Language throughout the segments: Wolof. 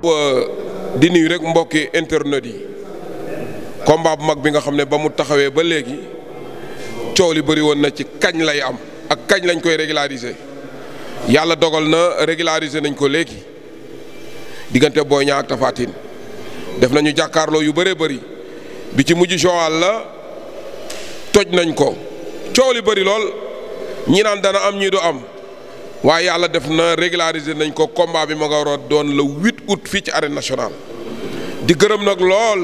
Euh, di nuyu rek mbokki internet yi combat bu mag bi nga xam ne ba mu taxawee ba léegi coow li bëri woon na ci kañ lay am ak kañ lañ koy régulariser yàlla dogal na régulariser nañ ko léegi diggante Boy Niang ak Tapha def nañu jàkkaarloo yu bëree bëri bi ci mujj Joal la toj nañ ko coow li bëri lool ñi naan dana am ñii du am. waaye yàlla def na régulariser nañ ko combat bi ma nga waroon doon le 8 août fii ci arène nationale di gërëm nag lool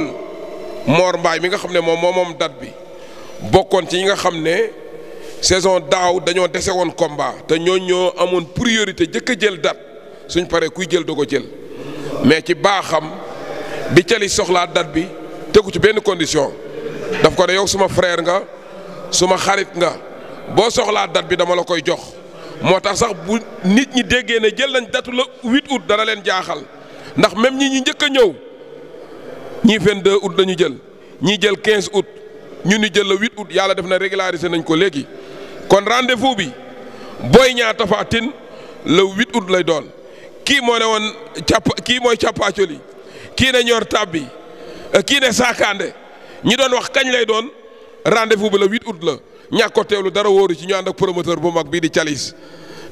Mor Mbaay mi nga xam ne moom moo moom date bi bokkoon ci ñi nga xam ne saison daaw dañoo dese woon combat te ñoo ñoo amoon priorité jëkk a jël date suñ paree kuy jël doo ko jël mais ci baaxam bi cali soxlaa date bi tegu ci benn condition daf ko ne yow suma frère nga suma xarit nga boo soxlaa date bi dama la koy jox. moo tax sax bu nit ñi déggee ne jël nañ datu la huit août dana leen jaaxal ndax même ñi ñi njëkk a ñëw ñii vingt deux août dañu jël ñii jël quinze août ñu ni jël la huit août yàlla def na régularisé nañ ko léegi kon rendez-vous bi Boy Niang Tapha Tine le huit août lay doon kii moo ne woon càpp kii mooy càppaacoli kii ne ñor tab bi kii ne saakaande ñi doon wax kañ lay doon rendez-vous bi le huit août la ñàkkoo ko teewlu dara wóoru ci ñu ànd ak promoteur bu mag bii di Thialis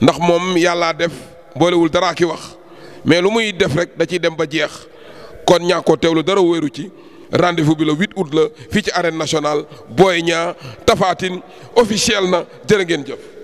ndax moom yàllaa def boolewul daraa ki wax mais lu muy def rek da ciy dem ba jeex kon ñàkk ko teewlu dara wóoru ci rendez-vous bi la 8 août la fii ci arène nationale booy Niang Tapha Tine officiel na jërë ngeen jëf.